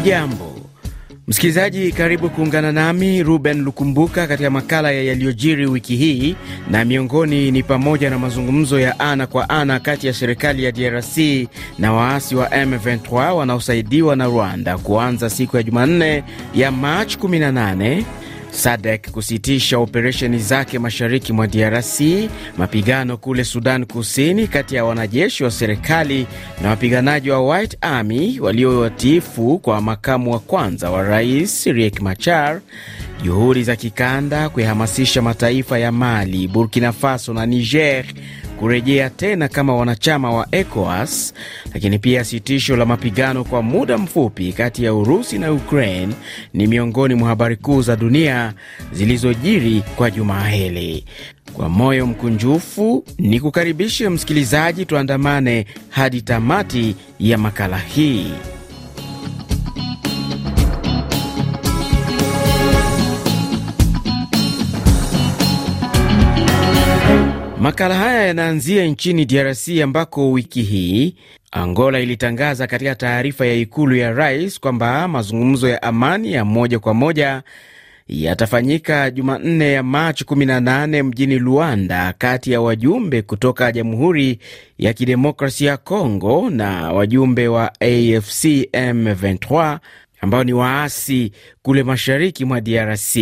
Hujambo msikilizaji, karibu kuungana nami Ruben Lukumbuka katika makala ya yaliyojiri wiki hii, na miongoni ni pamoja na mazungumzo ya ana kwa ana kati ya serikali ya DRC na waasi wa M23 wanaosaidiwa na Rwanda kuanza siku ya Jumanne ya Machi 18 SADEK kusitisha operesheni zake mashariki mwa DRC. Mapigano kule Sudan Kusini kati ya wanajeshi wa serikali na wapiganaji wa White Army waliowatiifu kwa makamu wa kwanza wa rais Riek Machar. Juhudi za kikanda kuihamasisha mataifa ya Mali, Burkina Faso na Niger kurejea tena kama wanachama wa ECOWAS, lakini pia sitisho la mapigano kwa muda mfupi kati ya Urusi na Ukraine ni miongoni mwa habari kuu za dunia zilizojiri kwa jumaa hili. Kwa moyo mkunjufu ni kukaribishe msikilizaji, tuandamane hadi tamati ya makala hii. Makala haya yanaanzia nchini DRC ambako wiki hii Angola ilitangaza katika taarifa ya ikulu ya rais kwamba mazungumzo ya amani ya moja kwa moja yatafanyika Jumanne ya Machi 18 mjini Luanda kati ya wajumbe kutoka Jamhuri ya Kidemokrasia ya congo na wajumbe wa AFC M23 ambao ni waasi kule mashariki mwa DRC.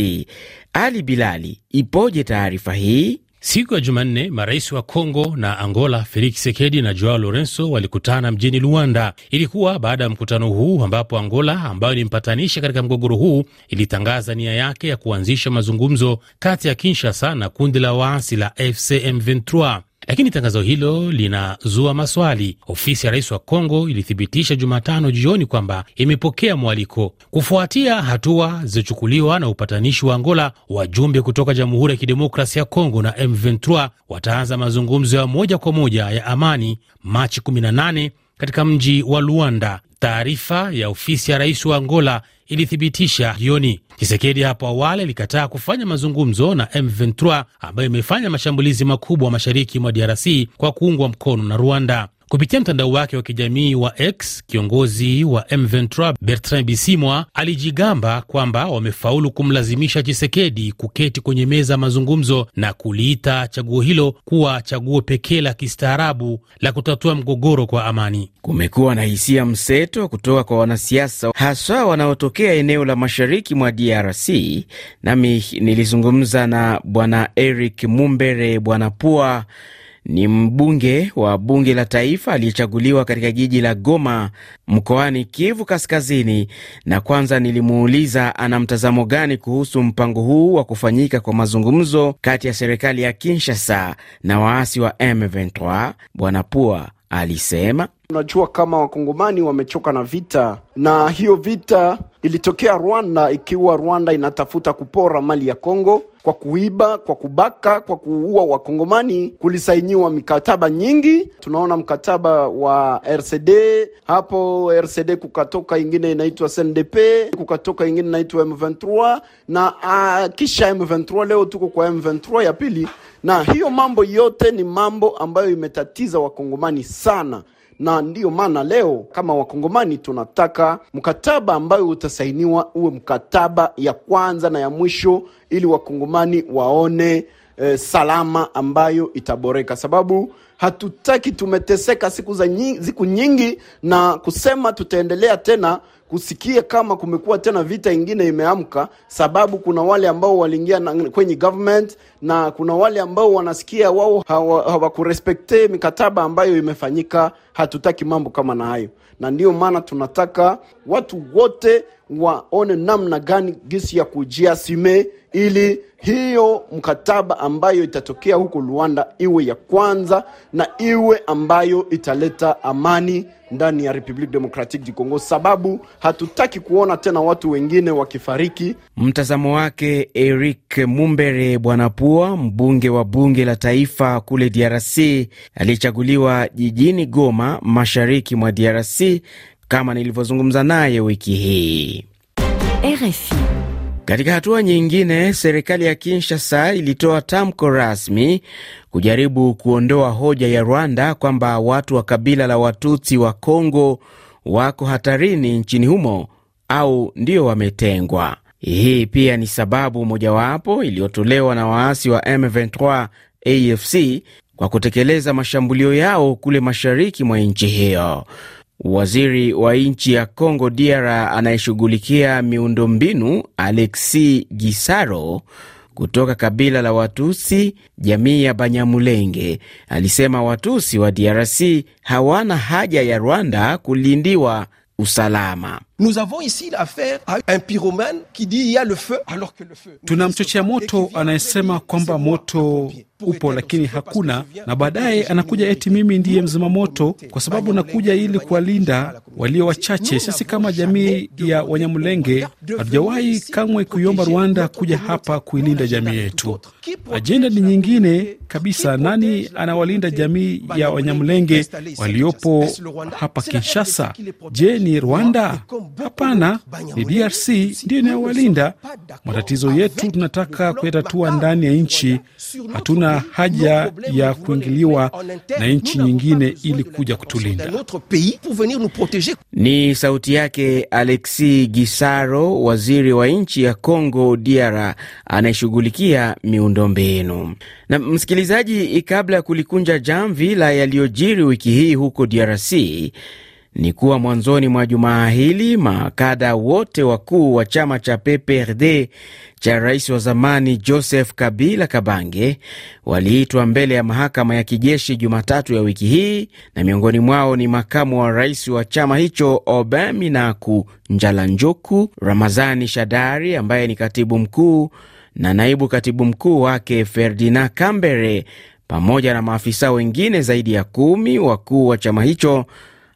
Ali Bilali, ipoje taarifa hii? Siku ya Jumanne, marais wa congo na Angola Felix chisekedi na Joao lorenso walikutana mjini Luanda. Ilikuwa baada ya mkutano huu ambapo Angola, ambayo ni mpatanishi katika mgogoro huu, ilitangaza nia yake ya kuanzisha mazungumzo kati ya Kinshasa na kundi la waasi la fcm 23 lakini tangazo hilo linazua maswali. Ofisi ya rais wa Kongo ilithibitisha Jumatano jioni kwamba imepokea mwaliko kufuatia hatua zilizochukuliwa na upatanishi wa Angola. Wajumbe kutoka Jamhuri ya Kidemokrasi ya Kongo na M23 wataanza mazungumzo ya moja kwa moja ya amani Machi 18 katika mji wa Luanda taarifa ya ofisi ya rais wa Angola ilithibitisha jioni. Chisekedi hapo awali alikataa kufanya mazungumzo na M23 ambayo imefanya mashambulizi makubwa mashariki mwa DRC kwa kuungwa mkono na Rwanda. Kupitia mtandao wake wa kijamii wa X, kiongozi wa M23 Bertrand Bisimwa alijigamba kwamba wamefaulu kumlazimisha Chisekedi kuketi kwenye meza ya mazungumzo na kuliita chaguo hilo kuwa chaguo pekee la kistaarabu la kutatua mgogoro kwa amani. Kumekuwa na hisia mseto kutoka kwa wanasiasa haswa wanaotokea eneo la mashariki mwa DRC. Nami nilizungumza na Bwana Eric Mumbere Bwana Pua ni mbunge wa bunge la taifa aliyechaguliwa katika jiji la Goma mkoani Kivu Kaskazini, na kwanza nilimuuliza ana mtazamo gani kuhusu mpango huu wa kufanyika kwa mazungumzo kati ya serikali ya Kinshasa na waasi wa M23. Bwana Pua alisema Tunajua kama wakongomani wamechoka na vita, na hiyo vita ilitokea Rwanda, ikiwa Rwanda inatafuta kupora mali ya Kongo kwa kuiba, kwa kubaka, kwa kuua Wakongomani. Kulisainiwa mikataba nyingi, tunaona mkataba wa RCD hapo, RCD kukatoka ingine inaitwa sndp kukatoka ingine inaitwa M23 na uh, kisha M23 leo tuko kwa M23 ya pili, na hiyo mambo yote ni mambo ambayo imetatiza Wakongomani sana na ndiyo maana leo kama wakongomani tunataka mkataba ambayo utasainiwa uwe mkataba ya kwanza na ya mwisho, ili wakongomani waone e, salama ambayo itaboreka, sababu hatutaki tumeteseka siku za nyingi, siku nyingi na kusema tutaendelea tena kusikia kama kumekuwa tena vita ingine imeamka, sababu kuna wale ambao waliingia kwenye government na kuna wale ambao wanasikia wao hawakurespekte hawa mikataba ambayo imefanyika. Hatutaki mambo kama na hayo, na ndiyo maana tunataka watu wote waone namna gani gisi ya sime ili hiyo mkataba ambayo itatokea huko Luanda iwe ya kwanza na iwe ambayo italeta amani ndani ya Republic Democratic du Congo, sababu hatutaki kuona tena watu wengine wakifariki. Mtazamo wake Eric Mumbere Bwanapua, mbunge wa bunge la taifa kule DRC, aliyechaguliwa jijini Goma, mashariki mwa DRC kama nilivyozungumza naye wiki hii. RFI. Katika hatua nyingine, serikali ya Kinshasa ilitoa tamko rasmi kujaribu kuondoa hoja ya Rwanda kwamba watu wa kabila la Watutsi wa Kongo wako hatarini nchini humo au ndio wametengwa. Hii pia ni sababu mojawapo iliyotolewa na waasi wa M23 AFC kwa kutekeleza mashambulio yao kule mashariki mwa nchi hiyo. Waziri wa nchi ya Congo DR anayeshughulikia miundombinu Alexi Gisaro kutoka kabila la Watusi jamii ya Banyamulenge alisema Watusi wa DRC hawana haja ya Rwanda kulindiwa usalama. Nous avons ici l'affaire à un pyromane qui dit il y a le feu alors que le feu. Tunamchochea moto anayesema kwamba moto upo lakini hakuna, na baadaye anakuja eti mimi ndiye mzima moto, kwa sababu nakuja ili kuwalinda walio wachache. Sisi kama jamii ya Wanyamulenge hatujawahi kamwe kuiomba Rwanda kuja hapa kuilinda jamii yetu. Ajenda ni nyingine kabisa. Nani anawalinda jamii ya Wanyamulenge waliopo hapa Kinshasa? Je, ni Rwanda? Hapana, ni DRC ndiyo inayowalinda. Matatizo yetu tunataka kuyatatua ndani ya nchi. Hatuna haja ya kuingiliwa na nchi nyingine ili kuja kutulinda. Ni sauti yake Alexi Gisaro, waziri wa nchi ya Congo DR anayeshughulikia miundombinu. Na msikilizaji, kabla ya kulikunja jamvi la yaliyojiri wiki hii huko DRC, ni kuwa mwanzoni mwa jumaa hili makada wote wakuu wa chama cha PPRD cha rais wa zamani Joseph Kabila Kabange waliitwa mbele ya mahakama ya kijeshi Jumatatu ya wiki hii, na miongoni mwao ni makamu wa rais wa chama hicho Aubin Minaku Njalanjoku, Ramazani Shadari ambaye ni katibu mkuu na naibu katibu mkuu wake Ferdinand Kambere, pamoja na maafisa wengine zaidi ya kumi wakuu wa chama hicho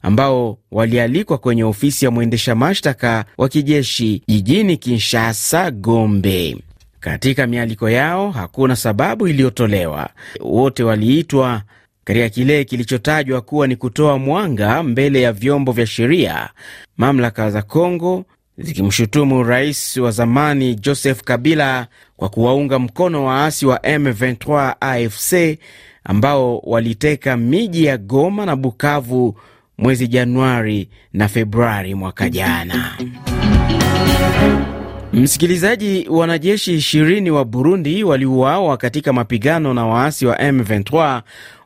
ambao walialikwa kwenye ofisi ya mwendesha mashtaka wa kijeshi jijini Kinshasa, Gombe. Katika mialiko yao hakuna sababu iliyotolewa. Wote waliitwa katika kile kilichotajwa kuwa ni kutoa mwanga mbele ya vyombo vya sheria, mamlaka za Kongo zikimshutumu rais wa zamani Joseph Kabila kwa kuwaunga mkono waasi wa M23 AFC ambao waliteka miji ya Goma na Bukavu mwezi Januari na Februari mwaka jana. Msikilizaji, wanajeshi ishirini wa Burundi waliuawa katika mapigano na waasi wa M23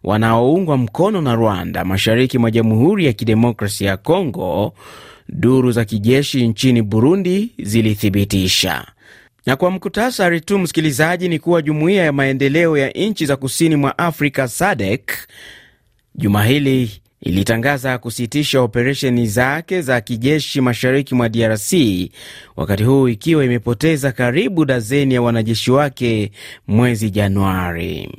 wanaoungwa mkono na Rwanda mashariki mwa Jamhuri ya Kidemokrasia ya Kongo, duru za kijeshi nchini Burundi zilithibitisha. Na kwa mkutasari tu msikilizaji, ni kuwa jumuiya ya maendeleo ya nchi za kusini mwa Afrika SADEK juma hili ilitangaza kusitisha operesheni zake za kijeshi mashariki mwa DRC, wakati huu ikiwa imepoteza karibu dazeni ya wanajeshi wake mwezi Januari.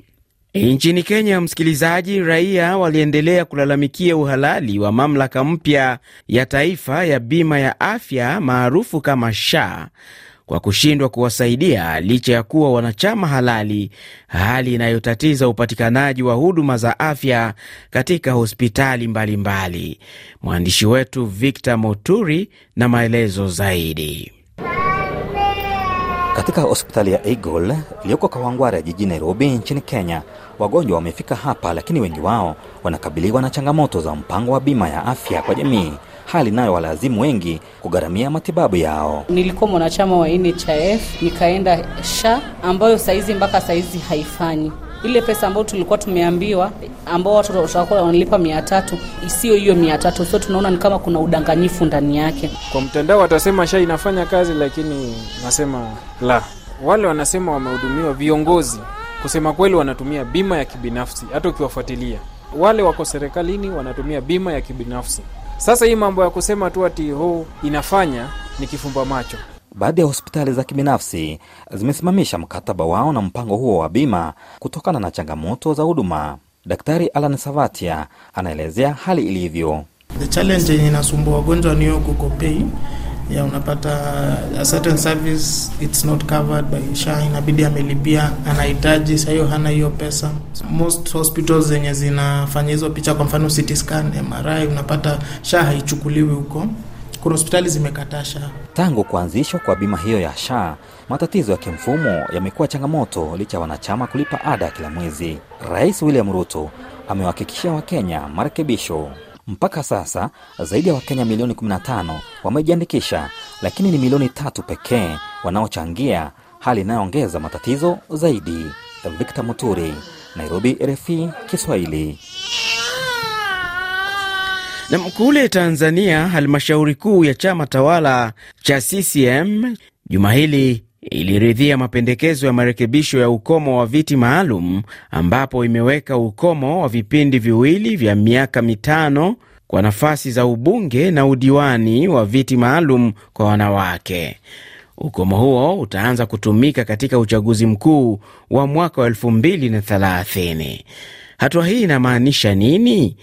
Nchini Kenya, msikilizaji, raia waliendelea kulalamikia uhalali wa mamlaka mpya ya taifa ya bima ya afya maarufu kama SHA kwa kushindwa kuwasaidia licha ya kuwa wanachama halali, hali inayotatiza upatikanaji wa huduma za afya katika hospitali mbalimbali. Mwandishi wetu Victor Moturi na maelezo zaidi. Katika hospitali ya Eagle iliyoko Kawangware jijini Nairobi nchini Kenya, wagonjwa wamefika hapa, lakini wengi wao wanakabiliwa na changamoto za mpango wa bima ya afya kwa jamii, hali nayo walazimu wengi kugharamia matibabu yao. Nilikuwa mwanachama wa NHIF nikaenda SHA ambayo saizi mpaka saizi haifanyi ile pesa ambayo tulikuwa tumeambiwa ambao watu watakuwa wanalipa mia tatu isiyo hiyo mia tatu sio tunaona ni kama kuna udanganyifu ndani yake kwa mtandao watasema sha inafanya kazi lakini nasema la wale wanasema wamehudumiwa viongozi kusema kweli wanatumia bima ya kibinafsi hata ukiwafuatilia wale wako serikalini wanatumia bima ya kibinafsi sasa hii mambo ya kusema tu ati ho inafanya ni kifumba macho baadhi ya hospitali za kibinafsi zimesimamisha mkataba wao na mpango huo wa bima kutokana na changamoto za huduma. Daktari Alan Savatia anaelezea hali ilivyo. The challenge yenye inasumbua wagonjwa niyo ya unapata a certain service it's not covered by sha, inabidi amelipia, anahitaji sahiyo hana hiyo pesa. Most hospitals zenye zinafanya hizo picha, kwa mfano CT scan, MRI, unapata sha haichukuliwi huko kuna hospitali zimekataa SHA. Tangu kuanzishwa kwa bima hiyo ya SHA, matatizo ya kimfumo yamekuwa changamoto licha ya wanachama kulipa ada kila mwezi. Rais William Ruto amewahakikishia Wakenya marekebisho. Mpaka sasa zaidi ya Wakenya milioni 15 wamejiandikisha, lakini ni milioni tatu pekee wanaochangia, hali inayoongeza matatizo zaidi. victo Muturi, Nairobi, rf Kiswahili. Na kule Tanzania, halmashauri kuu ya chama tawala cha CCM juma hili iliridhia mapendekezo ya marekebisho ya ukomo wa viti maalum, ambapo imeweka ukomo wa vipindi viwili vya miaka mitano kwa nafasi za ubunge na udiwani wa viti maalum kwa wanawake. Ukomo huo utaanza kutumika katika uchaguzi mkuu wa mwaka wa 2030. Hatua hii inamaanisha nini?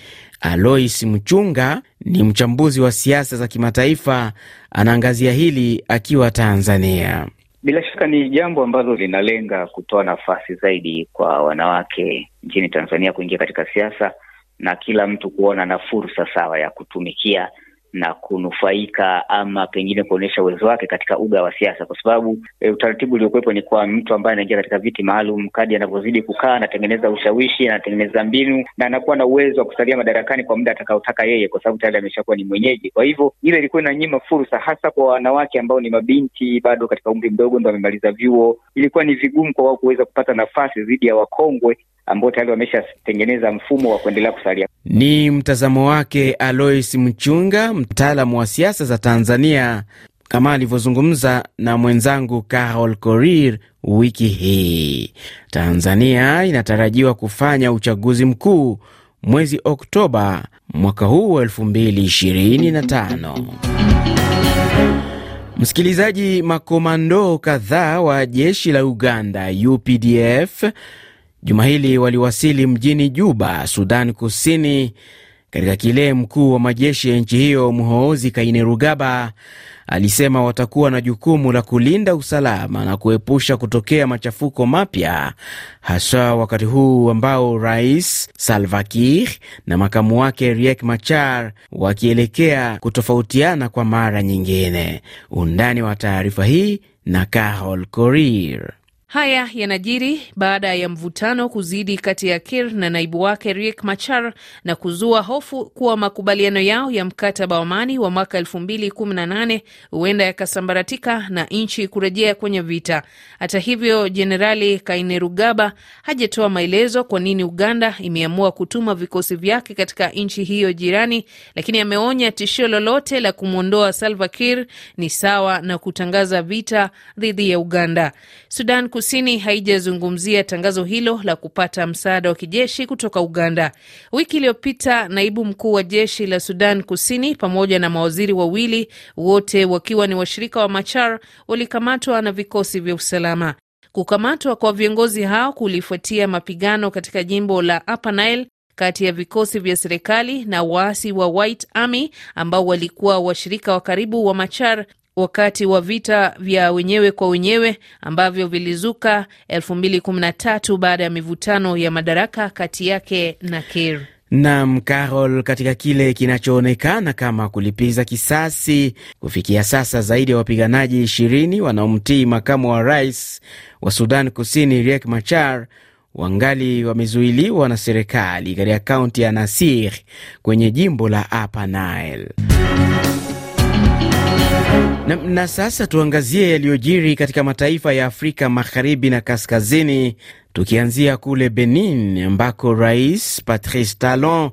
Alois Mchunga ni mchambuzi wa siasa za kimataifa, anaangazia hili akiwa Tanzania. Bila shaka ni jambo ambalo linalenga kutoa nafasi zaidi kwa wanawake nchini Tanzania kuingia katika siasa na kila mtu kuona na fursa sawa ya kutumikia na kunufaika ama pengine kuonyesha uwezo wake katika uga wa siasa, kwa sababu e, utaratibu uliokuwepo ni kwa mtu ambaye anaingia katika viti maalum, kadi anavyozidi kukaa, anatengeneza ushawishi, anatengeneza mbinu na anakuwa na uwezo wa kusalia madarakani kwa muda atakaotaka yeye, kwa sababu tayari ameshakuwa ni mwenyeji. Kwa hivyo ile ilikuwa inanyima fursa, hasa kwa wanawake ambao ni mabinti bado katika umri mdogo, ndo amemaliza vyuo, ilikuwa ni vigumu kwa wao kuweza kupata nafasi dhidi ya wakongwe ambao tayari wameshatengeneza mfumo wa kuendelea kusalia. Ni mtazamo wake Alois Mchunga, mtaalamu wa siasa za Tanzania, kama alivyozungumza na mwenzangu Carol Korir wiki hii. Tanzania inatarajiwa kufanya uchaguzi mkuu mwezi Oktoba mwaka huu wa 2025. Msikilizaji, makomando kadhaa wa jeshi la Uganda UPDF juma hili waliwasili mjini Juba, Sudan Kusini, katika kile mkuu wa majeshi ya nchi hiyo Muhoozi Kainerugaba alisema watakuwa na jukumu la kulinda usalama na kuepusha kutokea machafuko mapya, haswa wakati huu ambao Rais Salva Kiir na makamu wake Riek Machar wakielekea kutofautiana kwa mara nyingine. Undani wa taarifa hii na Carol Korir. Haya yanajiri baada ya mvutano kuzidi kati ya Kir na naibu wake Riek Machar na kuzua hofu kuwa makubaliano yao ya mkataba wa amani wa mwaka 2018 huenda yakasambaratika na nchi kurejea kwenye vita. Hata hivyo, Jenerali Kainerugaba hajatoa maelezo kwa nini Uganda imeamua kutuma vikosi vyake katika nchi hiyo jirani, lakini ameonya tishio lolote la kumwondoa Salva Kir ni sawa na kutangaza vita dhidi ya Uganda. Sudan Kusini haijazungumzia tangazo hilo la kupata msaada wa kijeshi kutoka Uganda. Wiki iliyopita, naibu mkuu wa jeshi la Sudan Kusini pamoja na mawaziri wawili, wote wakiwa ni washirika wa Machar, walikamatwa na vikosi vya usalama. Kukamatwa kwa viongozi hao kulifuatia mapigano katika jimbo la Upper Nile kati ya vikosi vya serikali na waasi wa White Army ambao walikuwa washirika wa karibu wa Machar wakati wa vita vya wenyewe kwa wenyewe ambavyo vilizuka 2013 baada ya mivutano ya madaraka kati yake na Kir. Nam Carol, katika kile kinachoonekana kama kulipiza kisasi, kufikia sasa zaidi ya wapiganaji 20 wanaomtii makamu wa rais wa Sudan Kusini Riek Machar wangali wamezuiliwa na serikali katika kaunti ya Nasir kwenye jimbo la Upper Nile. Na, na sasa tuangazie yaliyojiri katika mataifa ya Afrika Magharibi na Kaskazini, tukianzia kule Benin ambako Rais Patrice Talon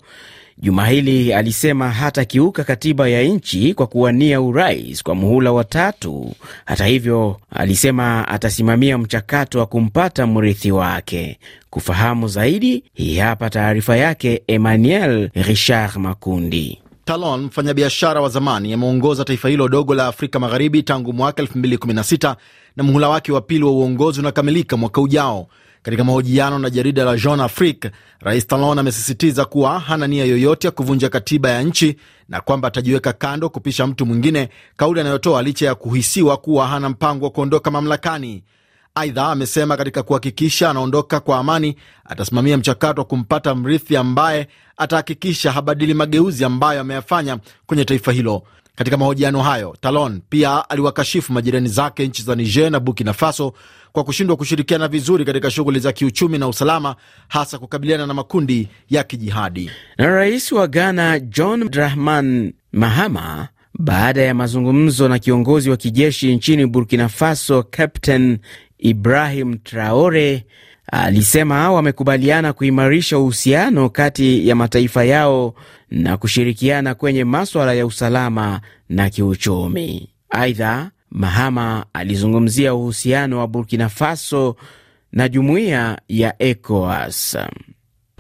juma hili alisema hata kiuka katiba ya nchi kwa kuwania urais kwa muhula wa tatu. Hata hivyo, alisema atasimamia mchakato wa kumpata mrithi wake. Kufahamu zaidi, hii hapa taarifa yake Emmanuel Richard Makundi. Talon, mfanyabiashara wa zamani, ameongoza taifa hilo dogo la Afrika Magharibi tangu mwaka 2016 na muhula wake wa pili wa uongozi unakamilika mwaka ujao. Katika mahojiano na jarida la Jeune Afrique, Rais Talon amesisitiza kuwa hana nia yoyote ya kuvunja katiba ya nchi na kwamba atajiweka kando kupisha mtu mwingine, kauli anayotoa licha ya kuhisiwa kuwa hana mpango wa kuondoka mamlakani. Aidha, amesema katika kuhakikisha anaondoka kwa amani, atasimamia mchakato wa kumpata mrithi ambaye atahakikisha habadili mageuzi ambayo ameyafanya kwenye taifa hilo. Katika mahojiano hayo, Talon pia aliwakashifu majirani zake nchi za Niger na Burkina Faso kwa kushindwa kushirikiana vizuri katika shughuli za kiuchumi na usalama, hasa kukabiliana na makundi ya kijihadi. Na rais wa Ghana John Dramani Mahama baada ya mazungumzo na kiongozi wa kijeshi nchini Burkina Faso Captain Ibrahim Traore alisema wamekubaliana kuimarisha uhusiano kati ya mataifa yao na kushirikiana kwenye maswala ya usalama na kiuchumi. Aidha, Mahama alizungumzia uhusiano wa Burkina Faso na jumuiya ya ECOWAS.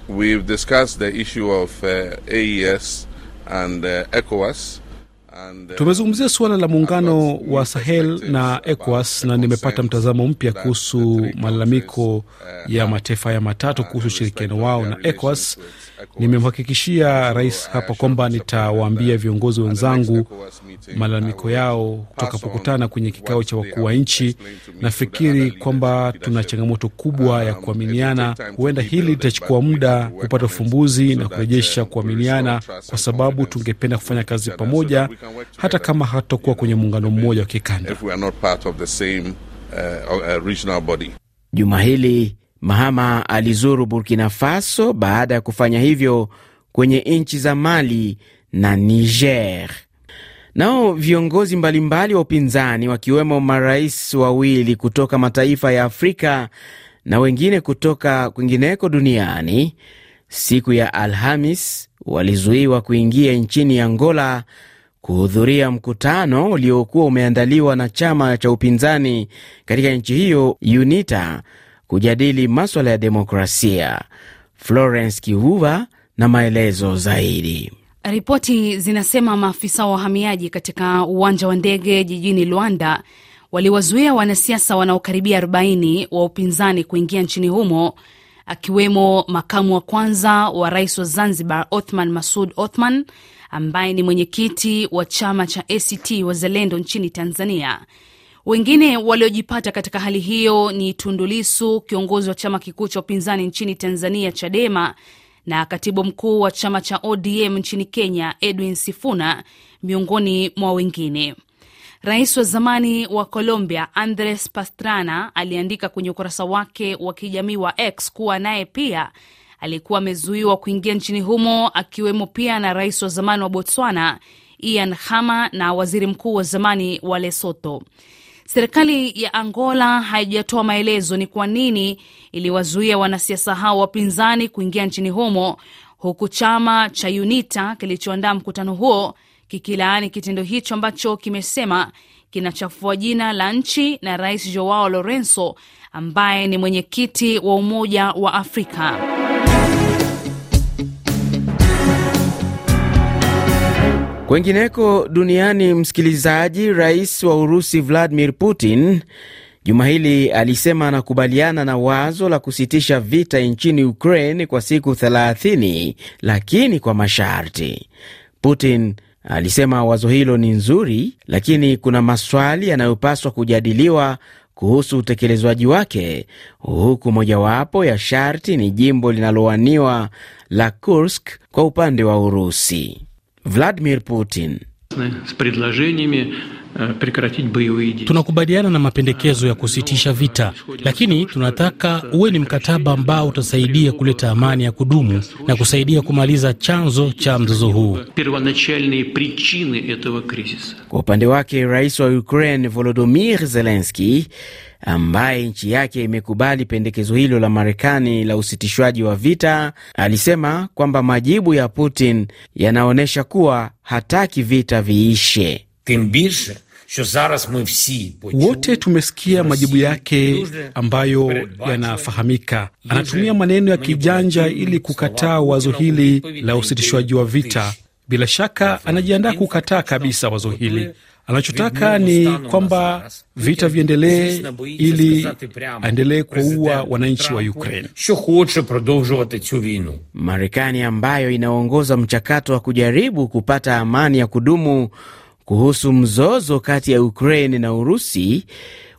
We've discussed the issue of, uh, AES and, uh, ECOWAS. Uh, Tumezungumzia suala la muungano wa Sahel na ECOWAS na nimepata mtazamo mpya kuhusu malalamiko uh, ya mataifa haya matatu kuhusu ushirikiano wao na ECOWAS Nimemhakikishia rais hapa kwamba nitawaambia viongozi wenzangu malalamiko yao tutakapokutana kwenye kikao cha wakuu wa nchi. Nafikiri kwamba tuna changamoto kubwa ya kuaminiana. Huenda hili litachukua muda kupata ufumbuzi na kurejesha kuaminiana, kwa sababu tungependa kufanya kazi pamoja, hata kama hatutakuwa kwenye muungano mmoja wa kikanda. Uh, uh, Juma hili Mahama alizuru Burkina Faso baada ya kufanya hivyo kwenye nchi za Mali na Niger. Nao viongozi mbalimbali wa upinzani wakiwemo marais wawili kutoka mataifa ya Afrika na wengine kutoka kwingineko duniani siku ya Alhamis walizuiwa kuingia nchini Angola kuhudhuria mkutano uliokuwa umeandaliwa na chama cha upinzani katika nchi hiyo UNITA kujadili maswala ya demokrasia. Florence Kivuva na maelezo zaidi. Ripoti zinasema maafisa wa wahamiaji katika uwanja wa ndege jijini Luanda waliwazuia wanasiasa wanaokaribia 40 wa upinzani kuingia nchini humo akiwemo makamu wa kwanza wa rais wa Zanzibar Othman Masud Othman ambaye ni mwenyekiti wa chama cha ACT Wazalendo nchini Tanzania wengine waliojipata katika hali hiyo ni tundulisu kiongozi wa chama kikuu cha upinzani nchini Tanzania, Chadema, na katibu mkuu wa chama cha ODM nchini Kenya, Edwin Sifuna, miongoni mwa wengine. Rais wa zamani wa Colombia Andres Pastrana aliandika kwenye ukurasa wake wa kijamii wa X kuwa naye pia alikuwa amezuiwa kuingia nchini humo, akiwemo pia na rais wa zamani wa Botswana Ian Khama na waziri mkuu wa zamani wa Lesotho. Serikali ya Angola haijatoa maelezo ni kwa nini iliwazuia wanasiasa hao wapinzani kuingia nchini humo, huku chama cha UNITA kilichoandaa mkutano huo kikilaani kitendo hicho ambacho kimesema kinachafua jina la nchi na Rais Joao Lorenzo ambaye ni mwenyekiti wa Umoja wa Afrika. Kwengineko duniani, msikilizaji, rais wa Urusi Vladimir Putin juma hili alisema anakubaliana na wazo la kusitisha vita nchini Ukraine kwa siku 30 lakini kwa masharti. Putin alisema wazo hilo ni nzuri, lakini kuna maswali yanayopaswa kujadiliwa kuhusu utekelezwaji wake, huku mojawapo ya sharti ni jimbo linalowaniwa la Kursk kwa upande wa Urusi. Vladimir Putin. Э, Tunakubaliana na mapendekezo ya kusitisha vita, lakini tunataka uwe ni mkataba ambao utasaidia kuleta amani ya kudumu na kusaidia kumaliza chanzo cha mzozo huu. Kwa upande wake, rais wa Ukraine Volodymyr Zelensky ambaye nchi yake imekubali pendekezo hilo la Marekani la usitishwaji wa vita, alisema kwamba majibu ya Putin yanaonyesha kuwa hataki vita viishe. Wote tumesikia majibu yake ambayo yanafahamika. Anatumia maneno ya kijanja ili kukataa wazo hili la usitishwaji wa vita. Bila shaka anajiandaa kukataa kabisa wazo hili. Anachotaka ni kwamba vita viendelee ili aendelee kuwaua wananchi wa Ukraine. Marekani ambayo inaongoza mchakato wa kujaribu kupata amani ya kudumu kuhusu mzozo kati ya Ukraine na Urusi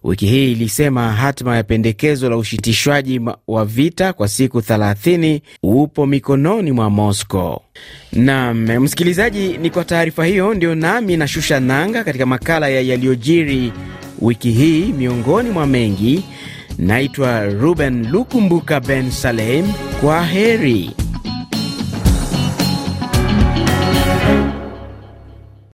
wiki hii ilisema hatima ya pendekezo la ushitishwaji wa vita kwa siku 30 upo mikononi mwa Moscow. nam msikilizaji, ni kwa taarifa hiyo ndio nami na shusha nanga katika makala ya yaliyojiri wiki hii miongoni mwa mengi. Naitwa Ruben Lukumbuka Ben Salem, kwa heri.